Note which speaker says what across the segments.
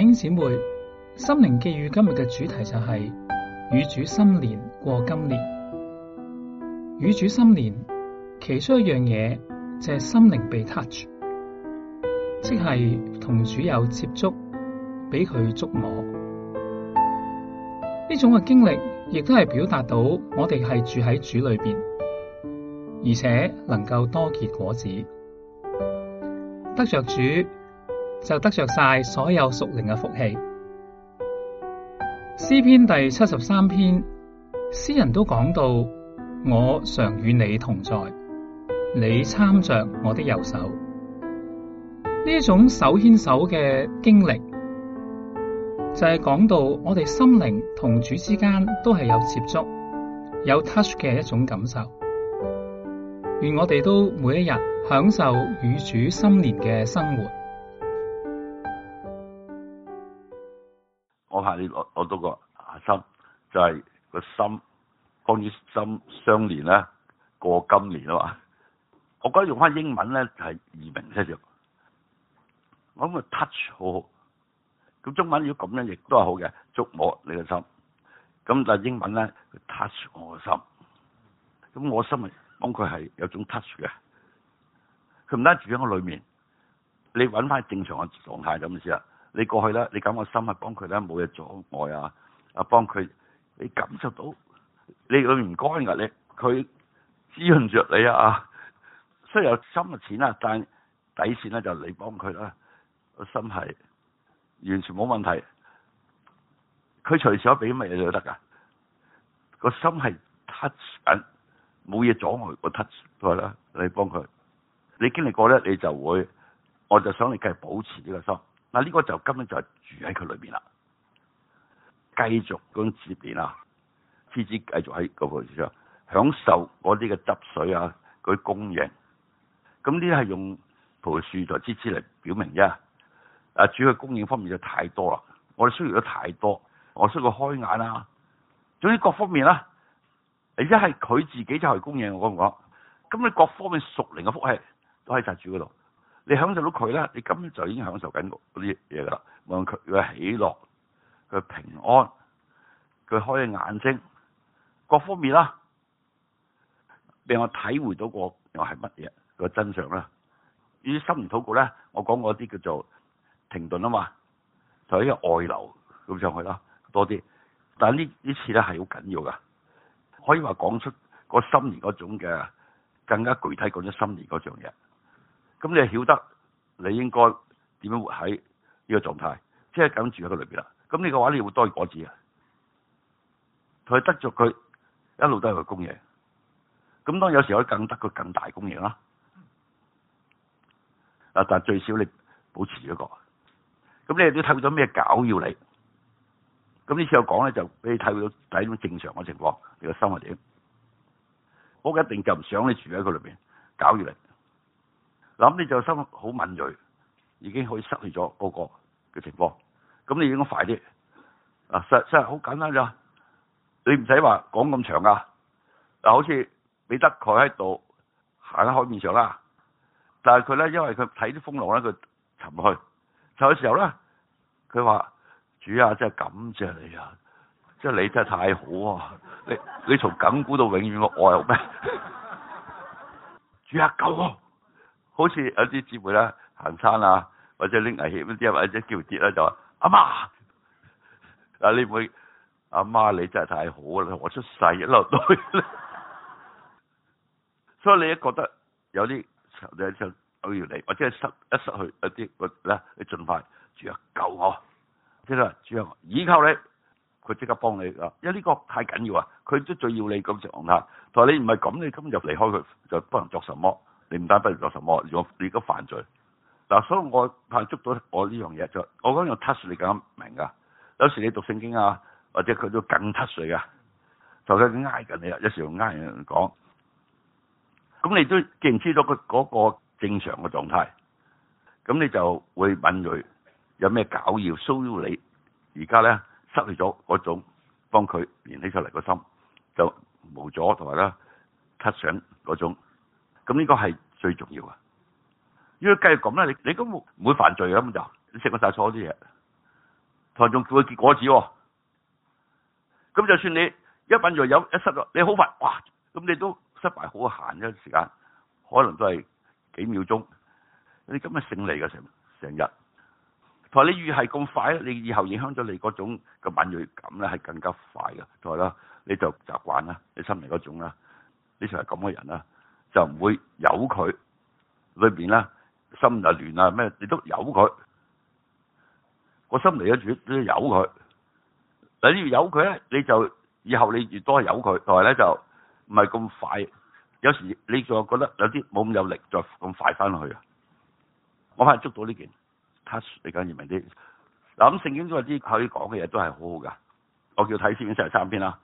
Speaker 1: 兄姊妹，心靈寄語今日嘅主題就係、是、與主心連過今年。與主心連，其中一樣嘢就係心靈被 touch，即係同主有接觸，俾佢捉摸。呢種嘅經歷，亦都係表達到我哋係住喺主裏邊，而且能夠多結果子，得着主。就得着晒所有屬靈嘅福氣。詩篇第七十三篇，詩人都講到：我常與你同在，你攙着我的右手。呢一種手牽手嘅經歷，就係、是、講到我哋心靈同主之間都係有接觸、有 touch 嘅一種感受。願我哋都每一日享受與主心連嘅生活。
Speaker 2: 我到都覺心就係、是、個心，關於心相連啦。過今年啊嘛，我覺得用翻英文咧就係易明先著。我諗個 touch 好好，咁中文如果咁樣亦都係好嘅，觸摸你嘅心。咁但係英文咧，touch 我個心。咁我心係講佢係有種 touch 嘅。佢唔單止喺我裏面，你揾翻正常嘅狀態咁先。啦。你過去啦，你揀個心去幫佢咧，冇嘢阻礙啊！啊，幫佢，你感受到你佢唔乾噶，你佢滋潤着你啊！啊，雖然有心嘅淺啊，但係底線咧就係你幫佢啦，個心係完全冇問題。佢隨時俾乜你就得㗎，個心係 touch 緊，冇嘢阻礙個 touch 㗎啦。你幫佢，你經歷過咧，你就會我就想你繼續保持呢個心。嗱呢個就根本就係住喺佢裏面啦，繼續嗰種資源啊，枝枝繼續喺嗰樖樹上享受嗰啲嘅汁水啊，嗰啲供應，咁呢係用葡萄樹同枝枝嚟表明啫。啊，主要供應方面就太多啦，我哋需要得太多，我需要開眼啦、啊、總之各方面啦，而家係佢自己就係供應，我講唔講？咁你各方面屬靈嘅福氣都喺宅主嗰度。你享受到佢啦，你咁就已經享受緊嗰啲嘢噶啦。望佢嘅喜樂、佢平安、佢開嘅眼睛，各方面啦，令我體會到個又係乜嘢個真相啦。於心呢心年禱告咧，我講嗰啲叫做停頓啊嘛，就一、係、個外流咁上去啦，多啲。但係呢呢次咧係好緊要噶，可以話講出個心年嗰種嘅更加具體，講咗心年嗰樣嘢。咁你係曉得，你應該點樣活喺呢個狀態，即係咁住喺個裏面啦。咁你嘅話，你會多果子啊！佢得著佢，一路都係個工嘢。咁當然有時候佢更得個更大工嘢啦。但最少你保持咗一個。咁你都睇到咩搞要你？咁呢次我講咧，就俾你睇到第一種正常嘅情況，你個生活點？我一定就唔想你住喺佢裏面，搞要你。諗你就心好敏銳，已經可以失去咗嗰個嘅情況，咁你應該快啲。啊，實真係好簡單咋，你唔使話講咁長噶。嗱，好似彼得佢喺度行喺海面上啦，但係佢咧，因為佢睇啲風浪咧，佢沉去。沉嘅時候咧，佢話主啊，真係感謝你啊，即係你真係太好啊！你你從緊箍到永遠嘅愛我有咩？ 主啊，救我啊。好似有啲姊妹咧行山啊，或者拎危險啲啊，或者叫跌咧、啊、就話阿媽啊， 你會阿媽你真係太好啦，我出世一路都。」 所以你一覺得有啲有啲有要嚟，或者係失一失去一啲咧，你盡快主啊救我，即係話主啊，倚靠你佢即刻幫你啊，因為呢個太緊要啊，佢都最要你咁狀態。但係你唔係咁，你今日離開佢就不能作什麼。你唔單不如做什麼，如果你都犯罪。嗱、啊，所以我怕捉到我呢樣嘢，就我講用 touch 你咁樣明㗎。有時你讀聖經啊，或者佢都更 touch 你㗎，就佢挨緊你啦，有時又挨人講。咁你都既然知到佢嗰個正常嘅狀態，咁你就會敏銳有咩搞要，騷擾你。而家咧失去咗嗰種幫佢燃起出嚟個心，就冇咗同埋咧 touch 上嗰種。咁應該係最重要啊！如果繼續咁咧，你你根本唔會犯罪咁就，你食過曬錯啲嘢。佢話仲叫佢結果子喎、哦，咁就算你一品類有，一失咗，你好快哇！咁你都失敗好閒嘅時間，可能都係幾秒鐘。你咁啊勝利嘅成成日。同埋你越係咁快咧，你以後影響咗你嗰種嘅敏銳感咧，係更加快嘅。同話啦，你就習慣啦，你心裡嗰種啦，你就係咁嘅人啦。就唔會有佢裏面咧，心就亂啊咩？你都有佢，我心嚟咗住都有佢。等要有佢咧，你就以後你越多有佢，同埋咧就唔係咁快。有時你就覺得有啲冇咁有力，再咁快翻落去啊！我係捉到呢件 touch 你講意明啲。嗱，咁聖經話都有啲佢講嘅嘢，都係好好噶。我叫睇《詩篇》七十三篇啦。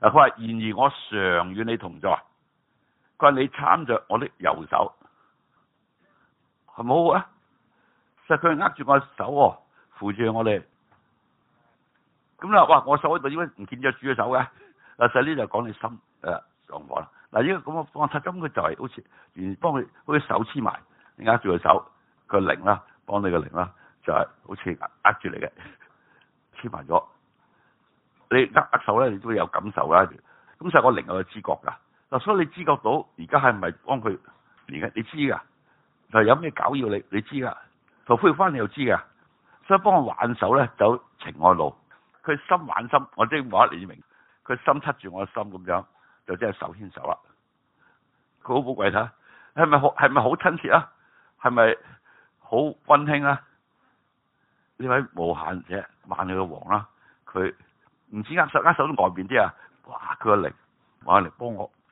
Speaker 2: 啊，佢話：然而我常與你同在。佢話你攙著我啲右手，係好？啊？實佢握住我手，哦，扶住我哋，咁啦，哇！我手喺度，點解唔見咗主嘅手嘅？阿細呢就講你心誒上火啦。嗱、啊，依個咁我方法，咁佢就係好似，而幫佢好似手黐埋，你握住佢手，個靈啦，幫你個靈啦，就係、是、好似握住你嘅，黐埋咗。你握握手咧，你都會有感受啦。咁實我靈有知覺噶。嗱，所以你知覺到而家係唔係幫佢而家？你知噶，嗱有咩搞要你？你知噶，復翻你又知噶，所以幫我挽手咧，走情愛路。佢心挽心，我即係話你明，佢心出住我嘅心咁樣，就即係手牽手啦。佢好寶貴睇，係咪好係咪好親切啊？係咪好溫馨啊？呢位無限者挽佢嘅王啦，佢唔止握手握手都外面啲啊，哇！佢嘅力，哇！嚟幫我。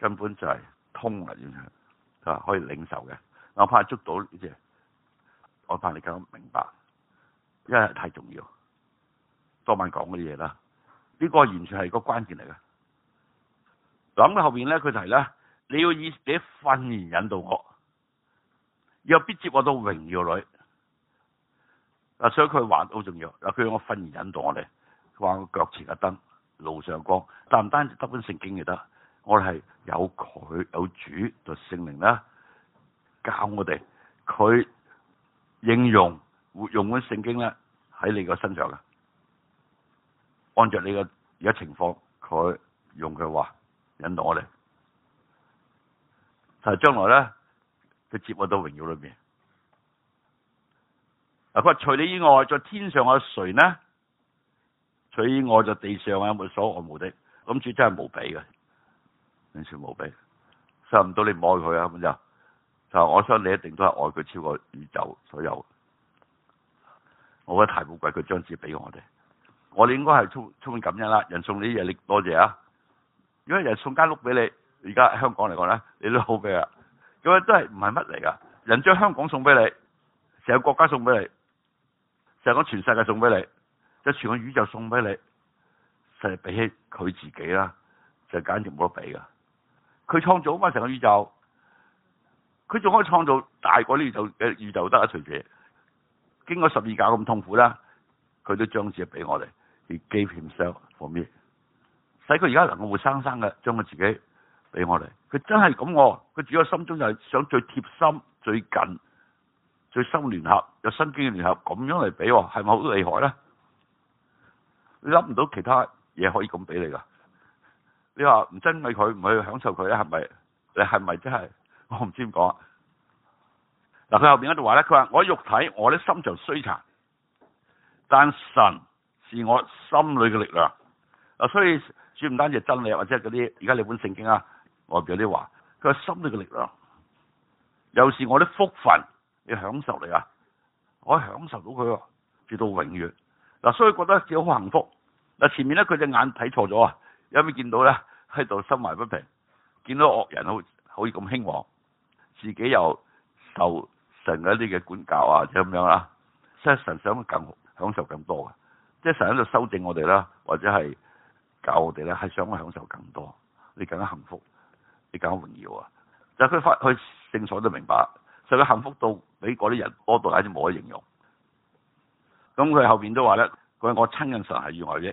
Speaker 2: 根本就係通啊！完全啊，可以領受嘅。我怕捉到呢隻，我怕你搞唔明白，因為係太重要。當晚講嘅嘢啦，呢、這個完全係個關鍵嚟嘅。嗱到後邊咧，佢就係咧，你要以自己訓言引導我，有必接我到榮耀裏。嗱，所以佢話好重要。嗱，佢用我訓言引導我哋，話我腳前嘅燈，路上光，但唔單止得本聖經就得。我哋係有佢有主有聖靈啦，教我哋佢應用用本聖經咧喺你個身上嘅，按照你個而家情況，佢用佢話引導我哋，但係將來咧佢接我到榮耀裏面。嗱，佢話除你以外，在天上有誰呢？除你以外，在地上有,有所冇所愛慕嘅，咁主真係無比嘅。完全冇比，差唔多你唔愛佢啊，咁就就我想你一定都係愛佢超過宇宙所有，我覺得太寶貴，佢將嘢俾我哋，我哋應該係充充滿感恩啦。人送你啲嘢，你多謝啊。如果人送間屋俾你，而家香港嚟講咧，你都好俾啊。咁啊真係唔係乜嚟噶，人將香港送俾你，成個國家送俾你，成個全世界送俾你，即全，全個宇宙送俾你，就係比起佢自己啦，就簡直冇得比噶。佢創造翻成個宇宙，佢仲可以創造大過啲宇宙嘅宇宙，得一主主，經過十二架咁痛苦啦，佢都將自己俾我哋，而 give himself for me, 使佢而家能夠活生生嘅將佢自己俾我哋。佢真係咁喎，佢主要心中就係想最貼心、最近、最深聯合、有生機聯合咁樣嚟俾我，係咪好厲害咧？你諗唔到其他嘢可以咁俾你噶。你話唔珍愛佢唔去享受佢呀，係咪？你係咪真係？我唔知點講。嗱，佢後邊一度話咧，佢話我肉體我啲心腸衰殘，但神是我心裏嘅力量。啊，所以主唔單止係真理，或者嗰啲而家你本聖經啊，外邊啲話，佢話心裏嘅力量，又是我啲福分要享受嚟啊，我享受到佢住到永遠。嗱，所以覺得自己好幸福。嗱，前面咧佢隻眼睇錯咗啊，有冇見到咧？喺度心懷不平，見到惡人好好似咁興旺，自己又受神嗰啲嘅管教啊，即咁樣啦，啊。所以神想我更享受更多嘅，即係神喺度修正我哋啦，或者係教我哋咧，係想我享受更多，你更加幸福，你更加榮耀啊！就佢發佢聖所都明白，就佢幸福到美國啲人多到係冇得形容。咁佢後邊都話咧，佢我親近神上係意外啫。